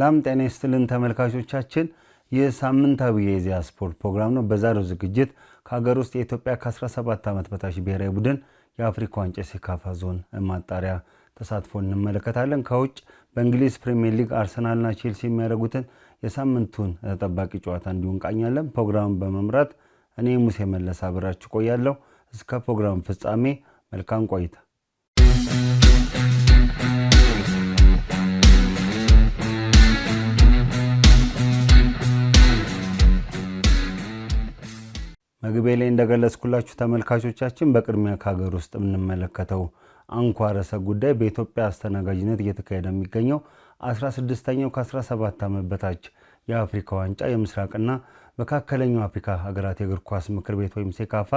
ሰላም ጤና ይስጥልን ተመልካቾቻችን፣ ይህ ሳምንታዊ የኢዜአ ስፖርት ፕሮግራም ነው። በዛሬው ዝግጅት ከሀገር ውስጥ የኢትዮጵያ ከ17 ዓመት በታች ብሔራዊ ቡድን የአፍሪካ ዋንጫ ሴካፋ ዞን ማጣሪያ ተሳትፎ እንመለከታለን። ከውጭ በእንግሊዝ ፕሪሚየር ሊግ አርሰናልና ቼልሲ የሚያደርጉትን የሳምንቱን ተጠባቂ ጨዋታ እንዲሁ እንቃኛለን። በመምራት እኔ ሙሴ መለስ አብራችሁ ቆያለሁ። እስከ ፕሮግራም ፍጻሜ መልካም ቆይታ መግቢያ ላይ እንደገለጽኩላችሁ ተመልካቾቻችን በቅድሚያ ከሀገር ውስጥ የምንመለከተው አንኳር ርዕሰ ጉዳይ በኢትዮጵያ አስተናጋጅነት እየተካሄደ የሚገኘው 16ኛው ከ17 ዓመት በታች የአፍሪካ ዋንጫ የምስራቅና መካከለኛው አፍሪካ ሀገራት የእግር ኳስ ምክር ቤት ወይም ሴካፋ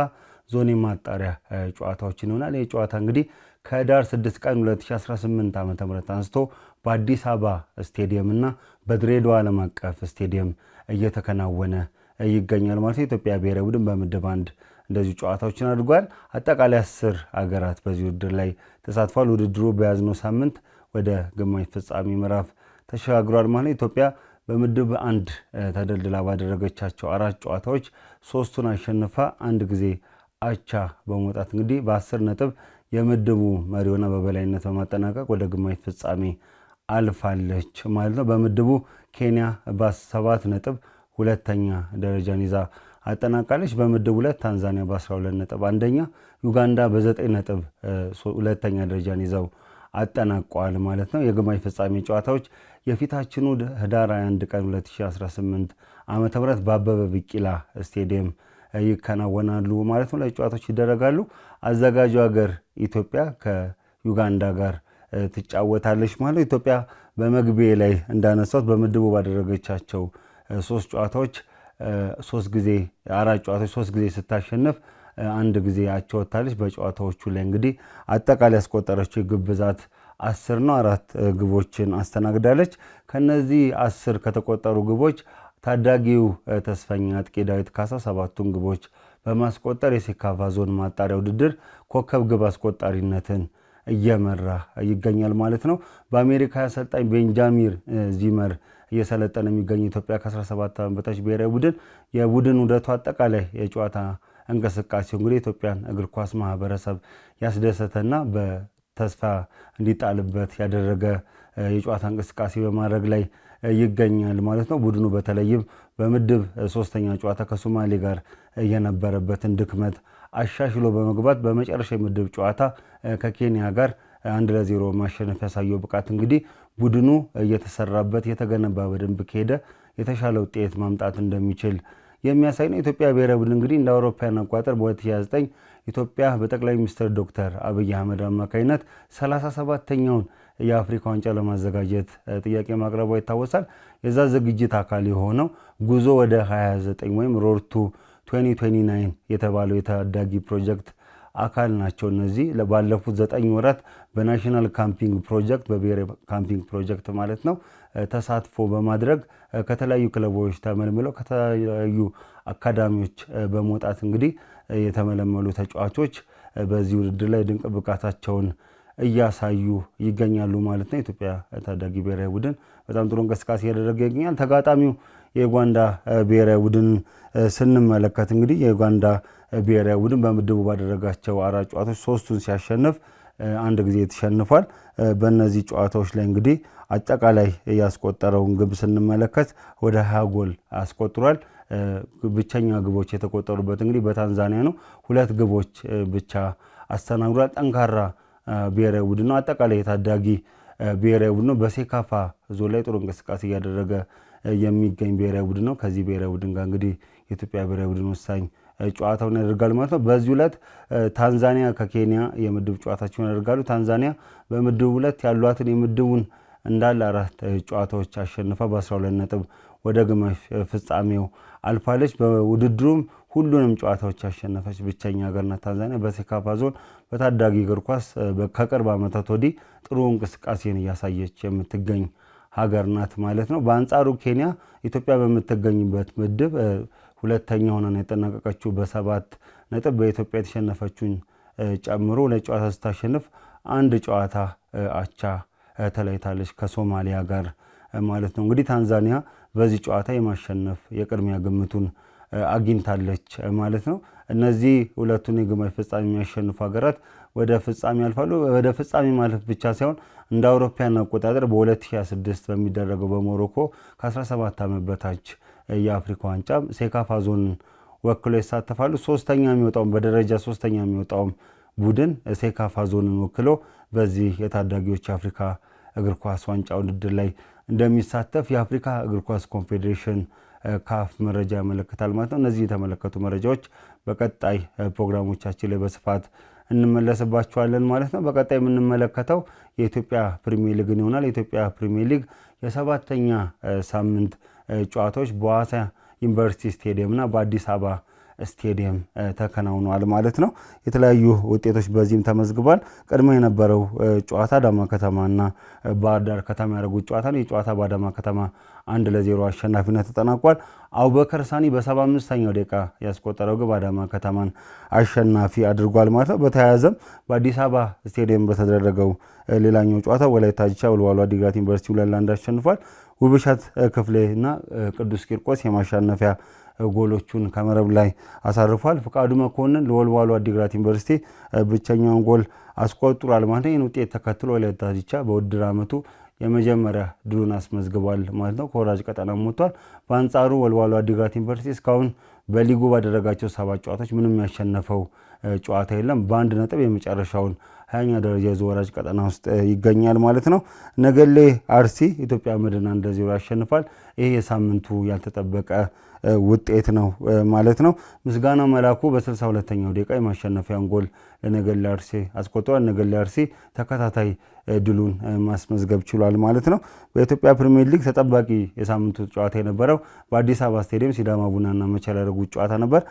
ዞን የማጣሪያ ጨዋታዎችን ይሆናል። ይህ ጨዋታ እንግዲህ ከህዳር 6 ቀን 2018 ዓ ም አንስቶ በአዲስ አበባ ስቴዲየም እና በድሬዳዋ ዓለም አቀፍ ስቴዲየም እየተከናወነ ይገኛል ማለት ነው። ኢትዮጵያ ብሔራዊ ቡድን በምድብ አንድ እንደዚሁ ጨዋታዎችን አድርጓል። አጠቃላይ አስር አገራት በዚህ ውድድር ላይ ተሳትፏል። ውድድሩ በያዝነው ሳምንት ወደ ግማሽ ፍጻሜ ምዕራፍ ተሸጋግሯል ማለት ነው። ኢትዮጵያ በምድብ አንድ ተደልድላ ባደረገቻቸው አራት ጨዋታዎች ሶስቱን አሸንፋ አንድ ጊዜ አቻ በመውጣት እንግዲህ በአስር ነጥብ የምድቡ መሪውና በበላይነት በማጠናቀቅ ወደ ግማሽ ፍጻሜ አልፋለች ማለት ነው። በምድቡ ኬንያ በሰባት ነጥብ ሁለተኛ ደረጃን ይዛ አጠናቃለች። በምድብ ሁለት ታንዛኒያ በ12 ነጥብ አንደኛ፣ ዩጋንዳ በ9 ነጥብ ሁለተኛ ደረጃን ይዘው አጠናቋል ማለት ነው። የግማሽ ፍጻሜ ጨዋታዎች የፊታችኑ ህዳር 21 ቀን 2018 ዓ ምህረት በአበበ ቢቂላ ስቴዲየም ይከናወናሉ ማለት ነው። ጨዋታዎች ይደረጋሉ። አዘጋጁ ሀገር ኢትዮጵያ ከዩጋንዳ ጋር ትጫወታለች ማለት ነው። ኢትዮጵያ በመግቢያ ላይ እንዳነሳት በምድቡ ባደረገቻቸው ሶስት ጨዋታዎች ሶስት ጊዜ አራት ጨዋታዎች ሶስት ጊዜ ስታሸንፍ አንድ ጊዜ አቻ ወጥታለች። በጨዋታዎቹ ላይ እንግዲህ አጠቃላይ ያስቆጠረችው ግብ ብዛት አስር ነው። አራት ግቦችን አስተናግዳለች። ከነዚህ አስር ከተቆጠሩ ግቦች ታዳጊው ተስፈኛ አጥቂ ዳዊት ካሳ ሰባቱን ግቦች በማስቆጠር የሴካፋ ዞን ማጣሪያ ውድድር ኮከብ ግብ አስቆጣሪነትን እየመራ ይገኛል ማለት ነው። በአሜሪካ አሰልጣኝ ቤንጃሚን ዚመር እየሰለጠነ የሚገኘው ኢትዮጵያ ከ17 ዓመት በታች ብሔራዊ ቡድን የቡድን ውደቱ አጠቃላይ የጨዋታ እንቅስቃሴው እንግዲህ የኢትዮጵያን እግር ኳስ ማህበረሰብ ያስደሰተና በተስፋ እንዲጣልበት ያደረገ የጨዋታ እንቅስቃሴ በማድረግ ላይ ይገኛል ማለት ነው። ቡድኑ በተለይም በምድብ ሶስተኛ ጨዋታ ከሶማሌ ጋር የነበረበትን ድክመት አሻሽሎ በመግባት በመጨረሻ የምድብ ጨዋታ ከኬንያ ጋር አንድ ለዜሮ ማሸነፍ ያሳየው ብቃት እንግዲህ ቡድኑ እየተሰራበት የተገነባ በደንብ ከሄደ የተሻለ ውጤት ማምጣት እንደሚችል የሚያሳይ ነው። ኢትዮጵያ ብሔራዊ ቡድን እንግዲህ እንደ አውሮፓውያን አቋጠር በ2029 ኢትዮጵያ በጠቅላይ ሚኒስትር ዶክተር አብይ አህመድ አማካኝነት 37ተኛውን የአፍሪካ ዋንጫ ለማዘጋጀት ጥያቄ ማቅረቧ ይታወሳል። የዛ ዝግጅት አካል የሆነው ጉዞ ወደ 29 ወይም ሮርቱ 2029 የተባለው የታዳጊ ፕሮጀክት አካል ናቸው። እነዚህ ባለፉት ዘጠኝ ወራት በናሽናል ካምፒንግ ፕሮጀክት በብሔራዊ ካምፒንግ ፕሮጀክት ማለት ነው ተሳትፎ በማድረግ ከተለያዩ ክለቦች ተመልምለው ከተለያዩ አካዳሚዎች በመውጣት እንግዲህ የተመለመሉ ተጫዋቾች በዚህ ውድድር ላይ ድንቅ ብቃታቸውን እያሳዩ ይገኛሉ ማለት ነው። ኢትዮጵያ ታዳጊ ብሔራዊ ቡድን በጣም ጥሩ እንቅስቃሴ እያደረገ ይገኛል። ተጋጣሚው የዩጋንዳ ብሔራዊ ቡድን ስንመለከት እንግዲህ የዩጋንዳ ብሔራዊ ቡድን በምድቡ ባደረጋቸው አራት ጨዋታዎች ሶስቱን ሲያሸንፍ አንድ ጊዜ ተሸንፏል። በእነዚህ ጨዋታዎች ላይ እንግዲህ አጠቃላይ ያስቆጠረውን ግብ ስንመለከት ወደ ሀያ ጎል አስቆጥሯል። ብቸኛ ግቦች የተቆጠሩበት እንግዲህ በታንዛኒያ ነው። ሁለት ግቦች ብቻ አስተናግዷል። ጠንካራ ብሔራዊ ቡድን ነው። አጠቃላይ የታዳጊ ብሔራዊ ቡድን ነው። በሴካፋ ዞን ላይ ጥሩ እንቅስቃሴ እያደረገ የሚገኝ ብሔራዊ ቡድን ነው። ከዚህ ብሔራዊ ቡድን ጋር እንግዲህ የኢትዮጵያ ብሔራዊ ቡድን ወሳኝ ጨዋታውን ያደርጋሉ ማለት ነው። በዚህ ዕለት ታንዛኒያ ከኬንያ የምድብ ጨዋታቸውን ያደርጋሉ። ታንዛኒያ በምድብ ሁለት ያሏትን የምድቡን እንዳለ አራት ጨዋታዎች አሸንፋ በ12 ነጥብ ወደ ግማሽ ፍጻሜው አልፋለች። በውድድሩም ሁሉንም ጨዋታዎች ያሸነፈች ብቸኛ ሀገር ናት ታንዛኒያ በሴካፋ ዞን በታዳጊ እግር ኳስ ከቅርብ ዓመታት ወዲህ ጥሩ እንቅስቃሴን እያሳየች የምትገኝ ሀገር ናት ማለት ነው። በአንጻሩ ኬንያ ኢትዮጵያ በምትገኝበት ምድብ ሁለተኛ ሆና የጠናቀቀችው በሰባት ነጥብ በኢትዮጵያ የተሸነፈችውን ጨምሮ ሁለት ጨዋታ ስታሸንፍ አንድ ጨዋታ አቻ ተለይታለች ከሶማሊያ ጋር ማለት ነው። እንግዲህ ታንዛኒያ በዚህ ጨዋታ የማሸነፍ የቅድሚያ ግምቱን አግኝታለች ማለት ነው። እነዚህ ሁለቱን የግማሽ ፍጻሜ የሚያሸንፉ ሀገራት ወደ ፍጻሜ ያልፋሉ። ወደ ፍጻሜ ማለፍ ብቻ ሳይሆን እንደ አውሮፓያን አቆጣጠር በ2026 በሚደረገው በሞሮኮ ከ17 ዓመት በታች የአፍሪካ ዋንጫ ሴካፋ ዞንን ወክሎ ይሳተፋሉ። ሶስተኛ የሚወጣውም በደረጃ ሶስተኛ የሚወጣውም ቡድን ሴካፋ ዞንን ወክሎ በዚህ የታዳጊዎች የአፍሪካ እግር ኳስ ዋንጫ ውድድር ላይ እንደሚሳተፍ የአፍሪካ እግር ኳስ ኮንፌዴሬሽን ካፍ መረጃ ያመለክታል ማለት ነው። እነዚህ የተመለከቱ መረጃዎች በቀጣይ ፕሮግራሞቻችን ላይ በስፋት እንመለስባቸዋለን ማለት ነው። በቀጣይ የምንመለከተው የኢትዮጵያ ፕሪሚየር ሊግን ይሆናል። የኢትዮጵያ ፕሪሚየር ሊግ የሰባተኛ ሳምንት ጨዋታዎች በሐዋሳ ዩኒቨርሲቲ ስቴዲየምና በአዲስ አበባ ስቴዲየም ተከናውኗል ማለት ነው። የተለያዩ ውጤቶች በዚህም ተመዝግቧል። ቀድሞ የነበረው ጨዋታ አዳማ ከተማና ባህር ዳር ከተማ ያደረጉት ጨዋታ ነው። የጨዋታ በአዳማ ከተማ አንድ ለዜሮ አሸናፊነት ተጠናቋል። አቡበከር ሳኒ በ75ኛው ደቂቃ ያስቆጠረው ግብ አዳማ ከተማን አሸናፊ አድርጓል ማለት ነው። በተያያዘም በአዲስ አበባ ስቴዲየም በተደረገው ሌላኛው ጨዋታ ወላይታ ዲቻ ወልዋሎ ዓዲግራት ዩኒቨርሲቲ ሁለት ለአንድ አሸንፏል። ውብሻት ክፍሌ ክፍሌና ቅዱስ ቂርቆስ የማሸነፊያ ጎሎቹን ከመረብ ላይ አሳርፏል። ፍቃዱ መኮንን ለወልዋሉ አዲግራት ዩኒቨርሲቲ ብቸኛውን ጎል አስቆጥሯል ማለት ነው። ይህን ውጤት ተከትሎ ወላይታ ዲቻ በውድድር ዓመቱ የመጀመሪያ ድሉን አስመዝግቧል ማለት ነው። ከወራጅ ቀጠና ሞቷል። በአንጻሩ ወልዋሉ አዲግራት ዩኒቨርሲቲ እስካሁን በሊጉ ባደረጋቸው ሰባት ጨዋታዎች ምንም ያሸነፈው ጨዋታ የለም። በአንድ ነጥብ የመጨረሻውን ሀያኛ ደረጃ ይዞ ወራጅ ቀጠና ውስጥ ይገኛል ማለት ነው። ነገሌ አርሲ ኢትዮጵያ መድን አንድ ለዜሮ ያሸንፋል። ይህ የሳምንቱ ያልተጠበቀ ውጤት ነው ማለት ነው። ምስጋና መላኩ በ 62 ደቂቃ የማሸነፊያን ጎል ለነገሌ አርሲ አስቆጥሯል። ነገሌ አርሲ ተከታታይ ድሉን ማስመዝገብ ችሏል ማለት ነው። በኢትዮጵያ ፕሪሚየር ሊግ ተጠባቂ የሳምንቱ ጨዋታ የነበረው በአዲስ አበባ ስቴዲየም ሲዳማ ቡናና መቻል ያደረጉት ጨዋታ ነበር።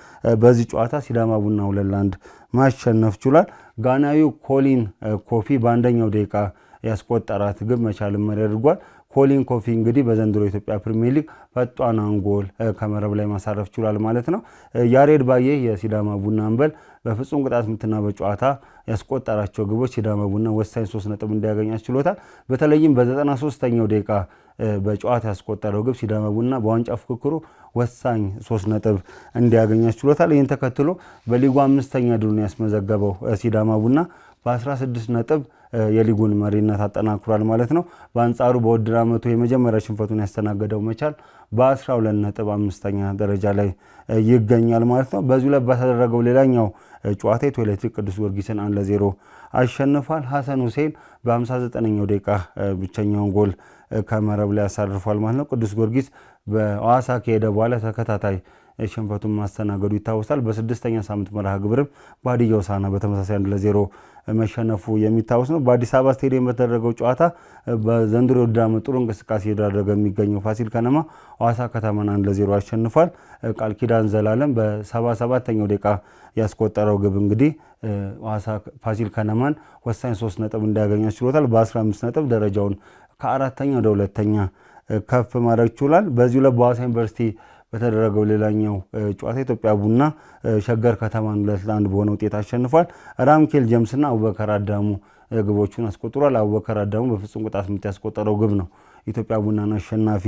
በዚህ ጨዋታ ሲዳማ ቡና ሁለት ለአንድ ማሸነፍ ችሏል። ጋናዊው ኮሊን ኮፊ በአንደኛው ደቂቃ ያስቆጠራት ግብ መቻልን መሪ አድርጓል። ኮሊን ኮፊ እንግዲህ በዘንድሮ ኢትዮጵያ ፕሪሚየር ሊግ ፈጣን አንጎል ከመረብ ላይ ማሳረፍ ችሏል ማለት ነው። ያሬድ ባዬ የሲዳማ ቡና አንበል በፍጹም ቅጣት ምትና በጨዋታ ያስቆጠራቸው ግቦች ሲዳማ ቡና ወሳኝ ሶስት ነጥብ እንዲያገኝ አስችሎታል። በተለይም በ93ኛው ደቂቃ በጨዋታ ያስቆጠረው ግብ ሲዳማ ቡና በዋንጫ ፉክክሩ ወሳኝ ሶስት ነጥብ እንዲያገኝ አስችሎታል። ይህን ተከትሎ በሊጉ አምስተኛ ድሉን ያስመዘገበው ሲዳማ ቡና በ16 ነጥብ የሊጉን መሪነት አጠናክሯል ማለት ነው። በአንጻሩ በውድድር ዓመቱ የመጀመሪያ ሽንፈቱን ያስተናገደው መቻል በ12 ነጥብ አምስተኛ ደረጃ ላይ ይገኛል ማለት ነው። በዚሁ ላይ በተደረገው ሌላኛው ጨዋታ ኢትዮ ኤሌክትሪክ ቅዱስ ጊዮርጊስን አንድ ለዜሮ አሸንፏል። ሀሰን ሁሴን በ59ኛው ደቂቃ ብቸኛውን ጎል ከመረብ ላይ ያሳርፏል ማለት ነው። ቅዱስ ጊዮርጊስ በአዋሳ ከሄደ በኋላ ተከታታይ ሽንፈቱን ማስተናገዱ ይታወሳል። በስድስተኛ ሳምንት መርሃ ግብርም በሀዲያ ሆሳዕና በተመሳሳይ አንድ ለዜሮ መሸነፉ የሚታወስ ነው። በአዲስ አበባ ስቴዲየም በተደረገው ጨዋታ በዘንድሮ የውድድር ዓመት ጥሩ እንቅስቃሴ እያደረገ የሚገኘው ፋሲል ከነማ ሐዋሳ ከተማን አንድ ለዜሮ አሸንፏል። ቃል ኪዳን ዘላለም በሰባ ሰባተኛው ደቂቃ ያስቆጠረው ግብ እንግዲህ ሐዋሳ ፋሲል ከነማን ወሳኝ ሶስት ነጥብ እንዲያገኝ አስችሎታል። በ15 ነጥብ ደረጃውን ከአራተኛ ወደ ሁለተኛ ከፍ ማድረግ ችሏል። በዚሁ ላይ በሐዋሳ ዩኒቨርሲቲ በተደረገው ሌላኛው ጨዋታ ኢትዮጵያ ቡና ሸገር ከተማን ሁለት ለአንድ በሆነ ውጤት አሸንፏል። ራምኬል ጀምስና አቡበከር አዳሙ ግቦቹን አስቆጥሯል። አቡበከር አዳሙ በፍጹም ቅጣት ምት ያስቆጠረው ግብ ነው ኢትዮጵያ ቡናን አሸናፊ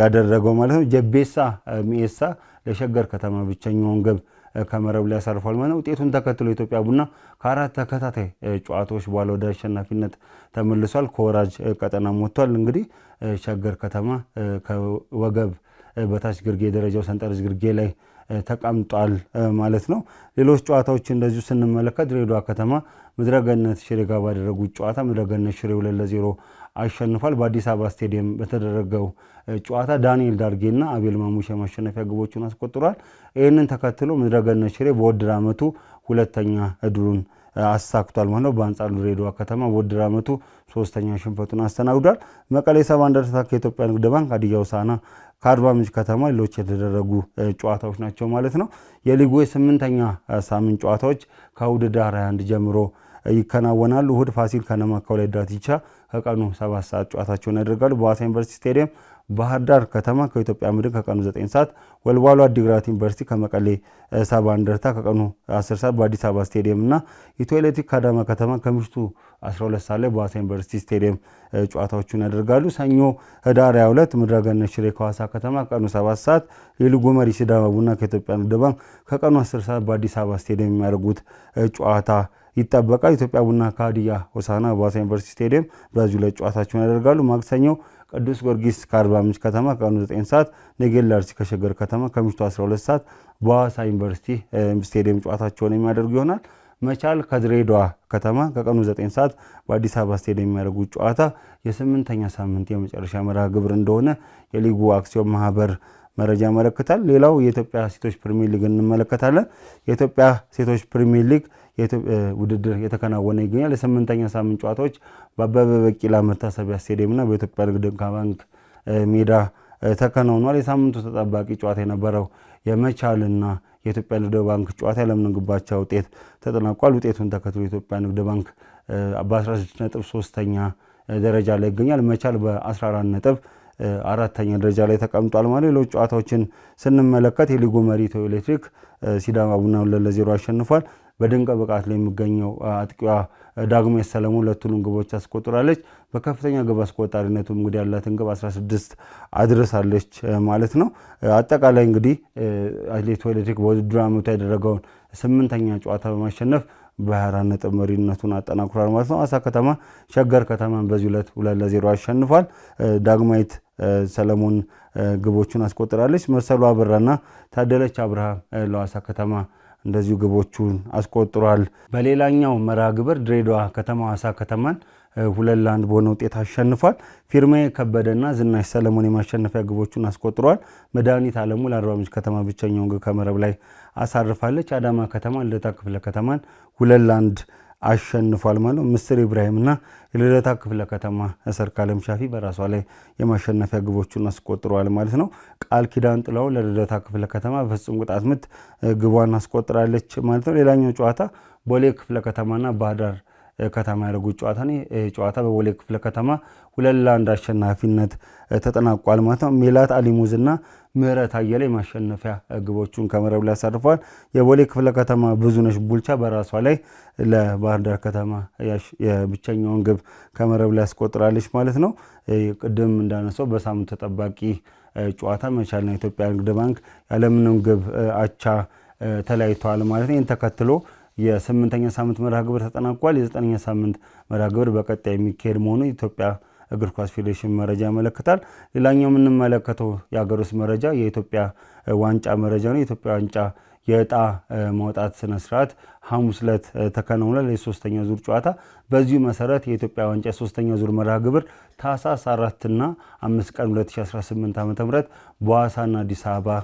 ያደረገው ማለት ነው። ጀቤሳ ሚኤሳ ለሸገር ከተማ ብቸኛውን ግብ ከመረብ ላይ ያሳርፏል ማለት ነው። ውጤቱን ተከትሎ ኢትዮጵያ ቡና ከአራት ተከታታይ ጨዋታዎች በኋላ ወደ አሸናፊነት ተመልሷል። ከወራጅ ቀጠና ወጥቷል። እንግዲህ ሸገር ከተማ ከወገብ በታች ግርጌ ደረጃው ሰንጠረዥ ግርጌ ላይ ተቀምጧል ማለት ነው። ሌሎች ጨዋታዎች እንደዚሁ ስንመለከት ድሬዳዋ ከተማ ምድረገነት ሽሬ ጋር ባደረጉት ጨዋታ ምድረገነት ሽሬ ሁለት ለዜሮ አሸንፏል። በአዲስ አበባ ስቴዲየም በተደረገው ጨዋታ ዳንኤል ዳርጌና አቤል ማሙሽ የማሸነፊያ ግቦቹን አስቆጥሯል። ይህንን ተከትሎ ምድረገነት ሽሬ በውድድር ዓመቱ ሁለተኛ እድሉን አሳክቷል ማለት ነው። በአንጻሩ ድሬዳዋ ከተማ በውድድር ዓመቱ ሶስተኛ ሽንፈቱን አስተናግዷል። መቀሌ ሰባ እንደርታ ከኢትዮጵያ ንግድ ባንክ፣ ሀዲያ ሆሳዕና ከአርባ ምንጭ ከተማ ሌሎች የተደረጉ ጨዋታዎች ናቸው ማለት ነው። የሊጉ የስምንተኛ ሳምንት ጨዋታዎች ከእሁድ ዳር 21 ጀምሮ ይከናወናሉ። እሁድ ፋሲል ከነማ ከወላይታ ዲቻ ከቀኑ ሰባት ሰዓት ጨዋታቸውን ያደርጋሉ በሐዋሳ ዩኒቨርሲቲ ስቴዲየም ባህር ዳር ከተማ ከኢትዮጵያ መድን ከቀኑ 9 ሰዓት፣ ወልዋሎ አዲግራት ዩኒቨርሲቲ ከመቀሌ ሰባ እንደርታ ከቀኑ 10 ሰዓት በአዲስ አበባ ስቴዲየም እና ኢትዮ ኤሌክትሪክ ከአዳማ ከተማ ከምሽቱ 12 ሰዓት ላይ በዋሳ ዩኒቨርሲቲ ስቴዲየም ጨዋታዎቹን ያደርጋሉ። ሰኞ ህዳር 22 ምድረገነት ሽሬ ከዋሳ ከተማ ከቀኑ 7 ሰዓት፣ የሊጉ መሪ ሲዳማ ቡና ከኢትዮጵያ ንግድ ባንክ ከቀኑ 10 ሰዓት በአዲስ አበባ ስቴዲየም የሚያደርጉት ጨዋታ ይጠበቃል። ኢትዮጵያ ቡና ከሀዲያ ሆሳዕና በሐዋሳ ዩኒቨርሲቲ ስቴዲየም ብራዚል ላይ ጨዋታቸውን ያደርጋሉ። ማክሰኞ ቅዱስ ጊዮርጊስ ከአርባ ምንጭ ከተማ ከቀኑ 9 ሰዓት፣ ነጌላ አርሲ ከሸገር ከተማ ከምሽቱ 12 ሰዓት በሐዋሳ ዩኒቨርሲቲ ስቴዲየም ጨዋታቸውን የሚያደርጉ ይሆናል። መቻል ከድሬዳዋ ከተማ ከቀኑ 9 ሰዓት በአዲስ አበባ ስቴዲየም የሚያደርጉት ጨዋታ የስምንተኛ ሳምንት የመጨረሻ መርሃ ግብር እንደሆነ የሊጉ አክሲዮን ማህበር መረጃ ያመለክታል። ሌላው የኢትዮጵያ ሴቶች ፕሪሚየር ሊግ እንመለከታለን። የኢትዮጵያ ሴቶች ፕሪሚየር ሊግ ውድድር የተከናወነ ይገኛል። የስምንተኛ ሳምንት ጨዋታዎች በአበበ ቢቂላ መታሰቢያ ስቴዲየምና በኢትዮጵያ ንግድ ባንክ ሜዳ ተከናውኗል። የሳምንቱ ተጠባቂ ጨዋታ የነበረው የመቻልና የኢትዮጵያ ንግድ ባንክ ጨዋታ ያለምንም ግብ አቻ ውጤት ተጠናቋል። ውጤቱን ተከትሎ የኢትዮጵያ ንግድ ባንክ በ16 ነጥብ ሶስተኛ ደረጃ ላይ ይገኛል። መቻል በ14 ነጥብ አራተኛ ደረጃ ላይ ተቀምጧል ማለት። ሌሎች ጨዋታዎችን ስንመለከት የሊጉ መሪ ኢትዮ ኤሌክትሪክ ሲዳማ ቡና ሁለት ለዜሮ አሸንፏል። በድንቅ ብቃት ላይ የሚገኘው አጥቂዋ ዳግማዊት ሰለሞን ሁለቱንም ግቦች አስቆጥራለች። በከፍተኛ ግብ አስቆጣሪነቱ እንግዲህ ያላትን ግብ 16 አድርሳለች ማለት ነው። አጠቃላይ እንግዲህ ኢትዮ ኤሌክትሪክ በውድድር ዓመቱ ያደረገውን ስምንተኛ ጨዋታ በማሸነፍ በ24 ነጥብ መሪነቱን አጠናክሯል ማለት ነው። አሳ ከተማ ሸገር ከተማን በዚህ ሁለት ሁለት ለዜሮ አሸንፏል። ዳግማዊት ሰለሞን ግቦቹን አስቆጥራለች። መሰሉ አብራና ታደለች አብርሃ ለዋሳ ከተማ እንደዚሁ ግቦቹን አስቆጥሯል። በሌላኛው መርሃ ግብር ድሬዳዋ ከተማ ሀዋሳ ከተማን ሁለት ለአንድ በሆነ ውጤት አሸንፏል። ፊርሜ ከበደና ዝናሽ ሰለሞን የማሸነፊያ ግቦቹን አስቆጥሯል። መድኃኒት አለሙ ለአርባ ምንጭ ከተማ ብቸኛውን ግብ ከመረብ ላይ አሳርፋለች። አዳማ ከተማ ልደታ ክፍለ ከተማን ሁለት ለአንድ አሸንፏል ማለት ነው። ምስር ኢብራሂምና የልደታ ክፍለ ከተማ ሰርክ አለም ሻፊ በራሷ ላይ የማሸነፊያ ግቦቹን አስቆጥረዋል ማለት ነው። ቃል ኪዳን ጥላው ለልደታ ክፍለ ከተማ በፍጹም ቅጣት ምት ግቧን አስቆጥራለች ማለት ነው። ሌላኛው ጨዋታ ቦሌ ክፍለ ከተማና ባህዳር ከተማ ያደረጉት ጨዋታ ነው። ጨዋታ በቦሌ ክፍለ ከተማ ሁለት ለአንድ አሸናፊነት ተጠናቋል ማለት ነው። ሜላት አሊሙዝ እና ምህረት አየለ የማሸነፊያ ግቦቹን ከመረብ ላይ አሳርፈዋል። የቦሌ ክፍለ ከተማ ብዙነሽ ቡልቻ በራሷ ላይ ለባህር ዳር ከተማ የብቸኛውን ግብ ከመረብ ላይ ያስቆጥራለች ማለት ነው። ቅድም እንዳነሳው በሳምንት ተጠባቂ ጨዋታ መቻልና ኢትዮጵያ ንግድ ባንክ ያለምንም ግብ አቻ ተለያይተዋል ማለት ነው። ይህን ተከትሎ የስምንተኛ ሳምንት መርሃ ግብር ተጠናቋል። የዘጠነኛ ሳምንት መርሃ ግብር በቀጣይ የሚካሄድ መሆኑ የኢትዮጵያ እግር ኳስ ፌዴሬሽን መረጃ ያመለክታል። ሌላኛው የምንመለከተው የሀገር ውስጥ መረጃ የኢትዮጵያ ዋንጫ መረጃ ነው። የኢትዮጵያ ዋንጫ የእጣ ማውጣት ስነስርዓት ሐሙስ ዕለት ተከናውኗል። የሶስተኛ ዙር ጨዋታ በዚሁ መሰረት የኢትዮጵያ ዋንጫ የሶስተኛ ዙር መርሃ ግብር ታህሳስ አራትና አምስት ቀን 2018 ዓ ም በሐዋሳና አዲስ አበባ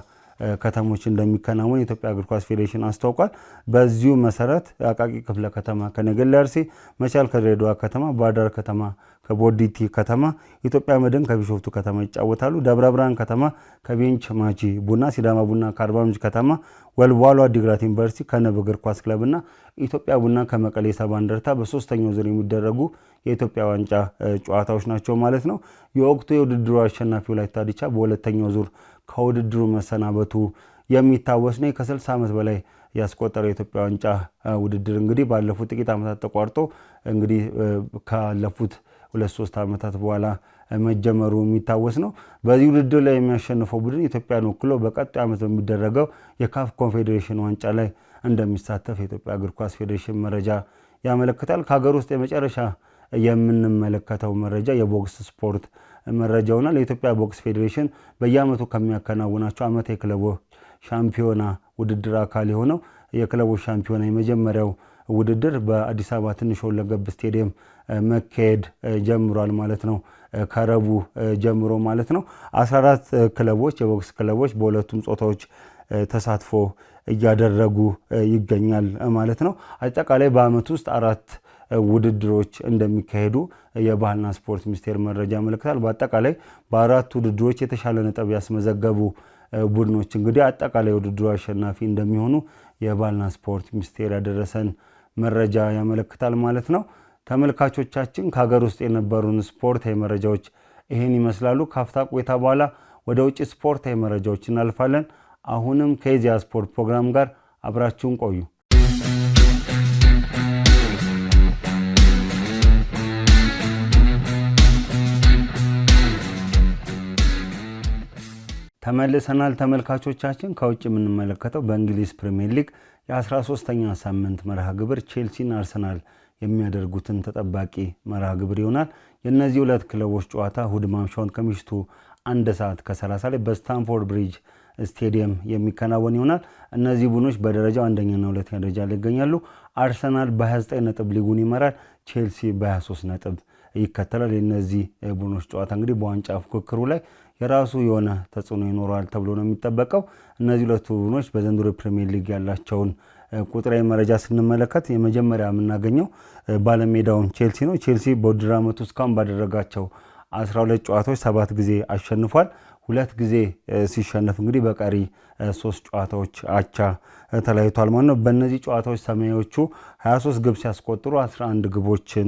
ከተሞች እንደሚከናወን የኢትዮጵያ እግር ኳስ ፌዴሬሽን አስታውቋል። በዚሁ መሰረት አቃቂ ክፍለ ከተማ ከነገሌ አርሲ፣ መቻል ከድሬዳዋ ከተማ፣ ባህርዳር ከተማ ከቦዲቲ ከተማ፣ ኢትዮጵያ መድን ከቢሾፍቱ ከተማ ይጫወታሉ። ደብረ ብርሃን ከተማ ከቤንች ማቺ ቡና፣ ሲዳማ ቡና ከአርባ ምንጭ ከተማ፣ ወልዋሎ አዲግራት ዩኒቨርሲቲ ከንብ እግር ኳስ ክለብና ኢትዮጵያ ቡና ከመቀሌ ሰባ እንደርታ በሶስተኛው ዙር የሚደረጉ የኢትዮጵያ ዋንጫ ጨዋታዎች ናቸው ማለት ነው። የወቅቱ የውድድሩ አሸናፊ ወላይታ ዲቻ በሁለተኛው ዙር ከውድድሩ መሰናበቱ የሚታወስ ነው። ዓመት በላይ ያስቆጠረው የኢትዮጵያ ዋንጫ ውድድር እንግዲህ ባለፉት ጥቂት ዓመታት ተቋርጦ እንግዲህ ካለፉት ሁለት ሶስት ዓመታት በኋላ መጀመሩ የሚታወስ ነው። በዚህ ውድድር ላይ የሚያሸንፈው ቡድን ኢትዮጵያን ወክሎ በቀጥ ዓመት በሚደረገው የካፍ ኮንፌዴሬሽን ዋንጫ ላይ እንደሚሳተፍ የኢትዮጵያ እግር ኳስ ፌዴሬሽን መረጃ ያመለክታል። ከሀገር ውስጥ የመጨረሻ የምንመለከተው መረጃ የቦክስ ስፖርት መረጃ ይሆናል። የኢትዮጵያ ቦክስ ፌዴሬሽን በየዓመቱ ከሚያከናውናቸው ዓመት የክለቦች ሻምፒዮና ውድድር አካል የሆነው የክለቦ ሻምፒዮና የመጀመሪያው ውድድር በአዲስ አበባ ትንሽ ወለገብ ስቴዲየም መካሄድ ጀምሯል ማለት ነው። ከረቡ ጀምሮ ማለት ነው። 14 ክለቦች የቦክስ ክለቦች በሁለቱም ጾታዎች ተሳትፎ እያደረጉ ይገኛል ማለት ነው። አጠቃላይ በአመት ውስጥ አራት ውድድሮች እንደሚካሄዱ የባህልና ስፖርት ሚኒስቴር መረጃ ያመለክታል። በአጠቃላይ በአራት ውድድሮች የተሻለ ነጥብ ያስመዘገቡ ቡድኖች እንግዲህ አጠቃላይ ውድድሩ አሸናፊ እንደሚሆኑ የባህልና ስፖርት ሚኒስቴር ያደረሰን መረጃ ያመለክታል ማለት ነው። ተመልካቾቻችን ከሀገር ውስጥ የነበሩን ስፖርታዊ መረጃዎች ይህን ይመስላሉ። ካፍታ ቆይታ በኋላ ወደ ውጭ ስፖርታዊ መረጃዎች እናልፋለን። አሁንም ከኢዜአ ስፖርት ፕሮግራም ጋር አብራችሁን ቆዩ። ተመልሰናል ተመልካቾቻችን። ከውጭ የምንመለከተው በእንግሊዝ ፕሪምየር ሊግ የ13ኛ ሳምንት መርሃ ግብር ቼልሲና አርሰናል የሚያደርጉትን ተጠባቂ መርሃ ግብር ይሆናል። የእነዚህ ሁለት ክለቦች ጨዋታ እሁድ ማምሻውን ከምሽቱ አንድ ሰዓት ከ30 ላይ በስታንፎርድ ብሪጅ ስቴዲየም የሚከናወን ይሆናል። እነዚህ ቡድኖች በደረጃው አንደኛና ሁለተኛ ደረጃ ላይ ይገኛሉ። አርሰናል በ29 ነጥብ ሊጉን ይመራል። ቼልሲ በ23 ነጥብ ይከተላል። የእነዚህ ቡድኖች ጨዋታ እንግዲህ በዋንጫ ፉክክሩ ላይ የራሱ የሆነ ተጽዕኖ ይኖረዋል ተብሎ ነው የሚጠበቀው። እነዚህ ሁለቱ ቡድኖች በዘንድሮ ፕሪሚየር ሊግ ያላቸውን ቁጥራዊ መረጃ ስንመለከት የመጀመሪያ የምናገኘው ባለሜዳውን ቼልሲ ነው። ቼልሲ በውድድር ዓመቱ እስካሁን ባደረጋቸው 12 ጨዋታዎች ሰባት ጊዜ አሸንፏል። ሁለት ጊዜ ሲሸነፍ እንግዲህ በቀሪ ሶስት ጨዋታዎች አቻ ተለያይቷል ማለት ነው። በእነዚህ ጨዋታዎች ሰማያዎቹ 23 ግብ ሲያስቆጥሩ 11 ግቦችን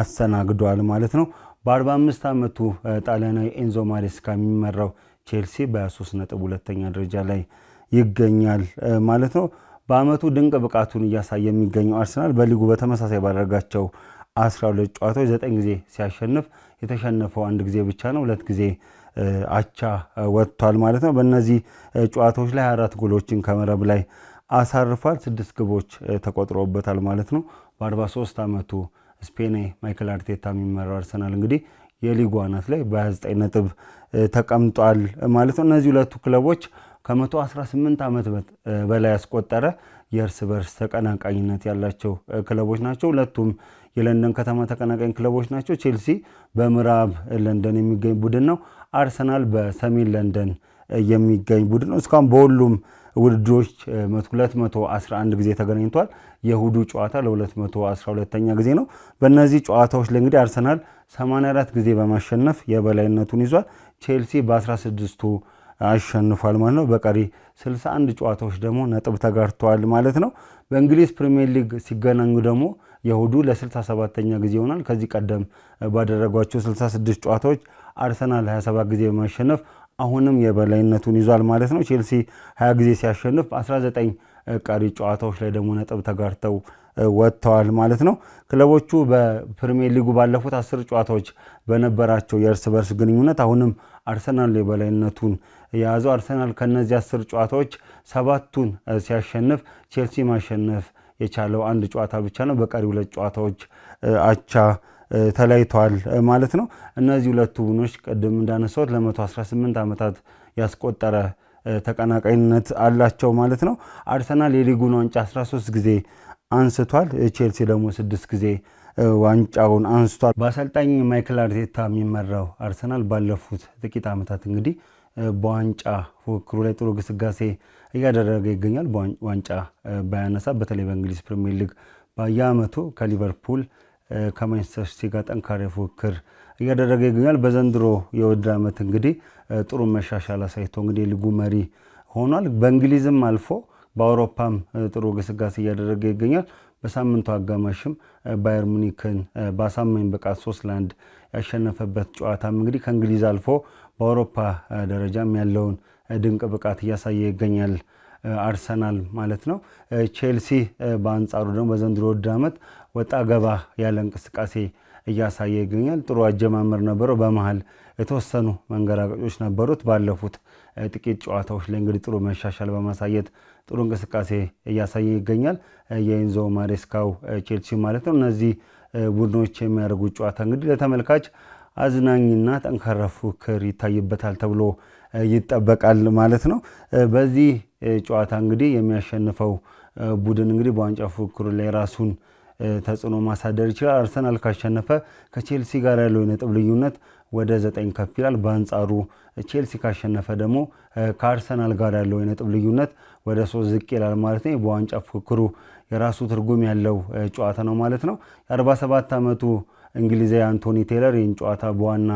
አስተናግደዋል ማለት ነው። በ45 ዓመቱ ጣሊያናዊ ኤንዞ ማሬስካ የሚመራው ቼልሲ በ23 ነጥብ ሁለተኛ ደረጃ ላይ ይገኛል ማለት ነው። በአመቱ ድንቅ ብቃቱን እያሳየ የሚገኘው አርሰናል በሊጉ በተመሳሳይ ባደረጋቸው 12 ጨዋታዎች 9 ጊዜ ሲያሸንፍ የተሸነፈው አንድ ጊዜ ብቻ ነው። ሁለት ጊዜ አቻ ወጥቷል ማለት ነው። በእነዚህ ጨዋታዎች ላይ አራት ጎሎችን ከመረብ ላይ አሳርፏል። ስድስት ግቦች ተቆጥሮበታል ማለት ነው። በ43 ዓመቱ ስፔኔ ማይክል አርቴታ የሚመራው አርሰናል እንግዲህ የሊጉ አናት ላይ በ29 ነጥብ ተቀምጧል ማለት ነው። እነዚህ ሁለቱ ክለቦች ከ118 ዓመት በላይ ያስቆጠረ የእርስ በርስ ተቀናቃኝነት ያላቸው ክለቦች ናቸው። ሁለቱም የለንደን ከተማ ተቀናቃኝ ክለቦች ናቸው። ቼልሲ በምዕራብ ለንደን የሚገኝ ቡድን ነው። አርሰናል በሰሜን ለንደን የሚገኝ ቡድን ነው። እስካሁን በሁሉም ውድድሮች 211 ጊዜ ተገናኝቷል። የእሁዱ ጨዋታ ለ212ኛ ጊዜ ነው። በእነዚህ ጨዋታዎች ላይ እንግዲህ አርሰናል 84 ጊዜ በማሸነፍ የበላይነቱን ይዟል። ቼልሲ በ16ቱ አሸንፏል ማለት ነው። በቀሪ 61 ጨዋታዎች ደግሞ ነጥብ ተጋርተዋል ማለት ነው። በእንግሊዝ ፕሪሚየር ሊግ ሲገናኙ ደግሞ የእሁዱ ለ67ኛ ጊዜ ይሆናል። ከዚህ ቀደም ባደረጓቸው 66 ጨዋታዎች አርሰናል 27 ጊዜ በማሸነፍ አሁንም የበላይነቱን ይዟል ማለት ነው። ቼልሲ 20 ጊዜ ሲያሸንፍ 19 ቀሪ ጨዋታዎች ላይ ደግሞ ነጥብ ተጋርተው ወጥተዋል ማለት ነው። ክለቦቹ በፕሪሚየር ሊጉ ባለፉት አስር ጨዋታዎች በነበራቸው የእርስ በርስ ግንኙነት አሁንም አርሰናል የበላይነቱን የያዘው አርሰናል ከነዚህ አስር ጨዋታዎች ሰባቱን ሲያሸንፍ ቼልሲ ማሸነፍ የቻለው አንድ ጨዋታ ብቻ ነው። በቀሪ ሁለት ጨዋታዎች አቻ ተለያይተዋል ማለት ነው። እነዚህ ሁለቱ ቡድኖች ቅድም እንዳነሳሁት ለ118 ዓመታት ያስቆጠረ ተቀናቃኝነት አላቸው ማለት ነው። አርሰናል የሊጉን ዋንጫ 13 ጊዜ አንስቷል። ቼልሲ ደግሞ ስድስት ጊዜ ዋንጫውን አንስቷል። በአሰልጣኝ ማይክል አርቴታ የሚመራው አርሰናል ባለፉት ጥቂት ዓመታት እንግዲህ በዋንጫ ፉክክሩ ላይ ጥሩ ግስጋሴ እያደረገ ይገኛል። ዋንጫ ባያነሳ በተለይ በእንግሊዝ ፕሪሚየር ሊግ በየዓመቱ ከሊቨርፑል ከማንቸስተር ሲቲ ጋር ጠንካራ ፉክክር እያደረገ ይገኛል። በዘንድሮ የውድድር ዓመት እንግዲህ ጥሩ መሻሻል አሳይቶ እንግዲህ ሊጉ መሪ ሆኗል። በእንግሊዝም አልፎ በአውሮፓም ጥሩ ግስጋሴ እያደረገ ይገኛል። በሳምንቱ አጋማሽም ባየር ሙኒክን በአሳማኝ ብቃት ሶስት ለአንድ ያሸነፈበት ጨዋታም እንግዲህ ከእንግሊዝ አልፎ በአውሮፓ ደረጃም ያለውን ድንቅ ብቃት እያሳየ ይገኛል አርሰናል ማለት ነው። ቼልሲ በአንጻሩ ደግሞ በዘንድሮ ውድ ዓመት ወጣ ገባ ያለ እንቅስቃሴ እያሳየ ይገኛል። ጥሩ አጀማመር ነበረው። በመሀል የተወሰኑ መንገራቀጮች ነበሩት። ባለፉት ጥቂት ጨዋታዎች ላይ እንግዲህ ጥሩ መሻሻል በማሳየት ጥሩ እንቅስቃሴ እያሳየ ይገኛል። የኢንዞ ማሬስካው ቼልሲ ማለት ነው። እነዚህ ቡድኖች የሚያደርጉት ጨዋታ እንግዲህ ለተመልካች አዝናኝና ጠንካራ ፉክክር ይታይበታል ተብሎ ይጠበቃል ማለት ነው። በዚህ ጨዋታ እንግዲህ የሚያሸንፈው ቡድን እንግዲህ በዋንጫ ፉክክሩ ላይ ራሱን ተጽዕኖ ማሳደር ይችላል። አርሰናል ካሸነፈ ከቼልሲ ጋር ያለው የነጥብ ልዩነት ወደ ዘጠኝ ከፍ ይላል። በአንጻሩ ቼልሲ ካሸነፈ ደግሞ ከአርሰናል ጋር ያለው የነጥብ ልዩነት ወደ ሶስት ዝቅ ይላል ማለት ነው። በዋንጫ ፉክክሩ የራሱ ትርጉም ያለው ጨዋታ ነው ማለት ነው። የ47 ዓመቱ እንግሊዛዊ አንቶኒ ቴለር ይህን ጨዋታ በዋና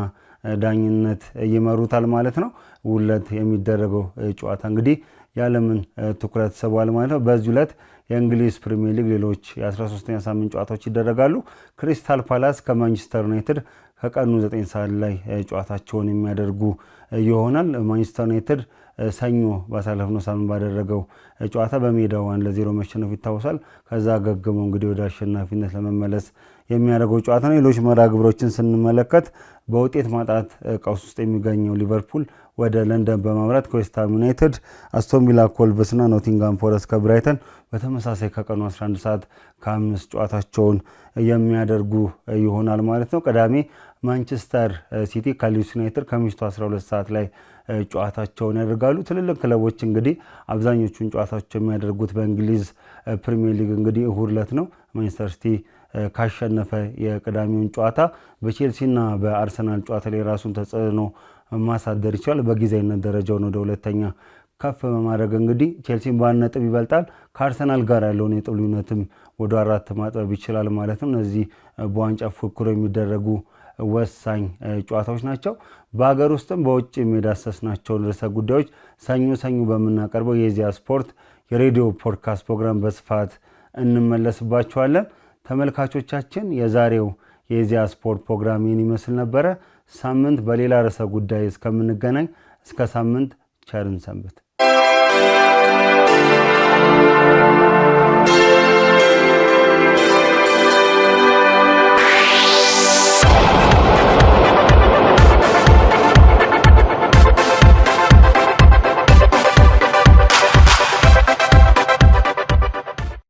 ዳኝነት ይመሩታል ማለት ነው። ውለት የሚደረገው ጨዋታ እንግዲህ የዓለምን ትኩረት ስቧል ማለት ነው። በዚህ ዕለት የእንግሊዝ ፕሪሚየር ሊግ ሌሎች የ13ኛ ሳምንት ጨዋታዎች ይደረጋሉ። ክሪስታል ፓላስ ከማንቸስተር ዩናይትድ ከቀኑ 9 ሰዓት ላይ ጨዋታቸውን የሚያደርጉ ይሆናል። ማንቸስተር ዩናይትድ ሰኞ ባሳለፍነው ሳምንት ባደረገው ጨዋታ በሜዳው አንድ ለዜሮ መሸነፉ ይታወሳል። ከዛ ገግመው እንግዲህ ወደ አሸናፊነት ለመመለስ የሚያደርገው ጨዋታ ነው። ሌሎች መርሃ ግብሮችን ስንመለከት በውጤት ማጣት ቀውስ ውስጥ የሚገኘው ሊቨርፑል ወደ ለንደን በማምራት ከዌስትሃም ዩናይትድ፣ አስቶን ቪላ ኮልቭስና ኖቲንጋም ፎረስት ከብራይተን በተመሳሳይ ከቀኑ 11 ሰዓት ከአምስት ጨዋታቸውን የሚያደርጉ ይሆናል ማለት ነው። ቅዳሜ ማንቸስተር ሲቲ ከሊድስ ዩናይትድ ከምሽቱ 12 ሰዓት ላይ ጨዋታቸውን ያደርጋሉ። ትልልቅ ክለቦች እንግዲህ አብዛኞቹን ጨዋታቸው የሚያደርጉት በእንግሊዝ ፕሪሚየር ሊግ እንግዲህ እሁድ ዕለት ነው። ማንቸስተር ሲቲ ካሸነፈ የቅዳሜውን ጨዋታ በቼልሲና በአርሰናል ጨዋታ ላይ ራሱን ተጽዕኖ ማሳደር ይችላል። በጊዜያዊነት ደረጃውን ወደ ሁለተኛ ከፍ በማድረግ እንግዲህ ቼልሲን በአንድ ነጥብ ይበልጣል። ከአርሰናል ጋር ያለውን የጥሉ ልዩነትም ወደ አራት ማጥበብ ይችላል ማለት ነው። እነዚህ በዋንጫ ፉክክሩ የሚደረጉ ወሳኝ ጨዋታዎች ናቸው። በሀገር ውስጥም በውጭ የዳሰስናቸውን ርዕሰ ጉዳዮች ሰኞ ሰኞ በምናቀርበው የኢዜአ ስፖርት የሬዲዮ ፖድካስት ፕሮግራም በስፋት እንመለስባቸዋለን። ተመልካቾቻችን የዛሬው የኢዜአ ስፖርት ፕሮግራም ይህን ይመስል ነበረ። ሳምንት በሌላ ርዕሰ ጉዳይ እስከምንገናኝ እስከ ሳምንት ቸርን ሰንብት።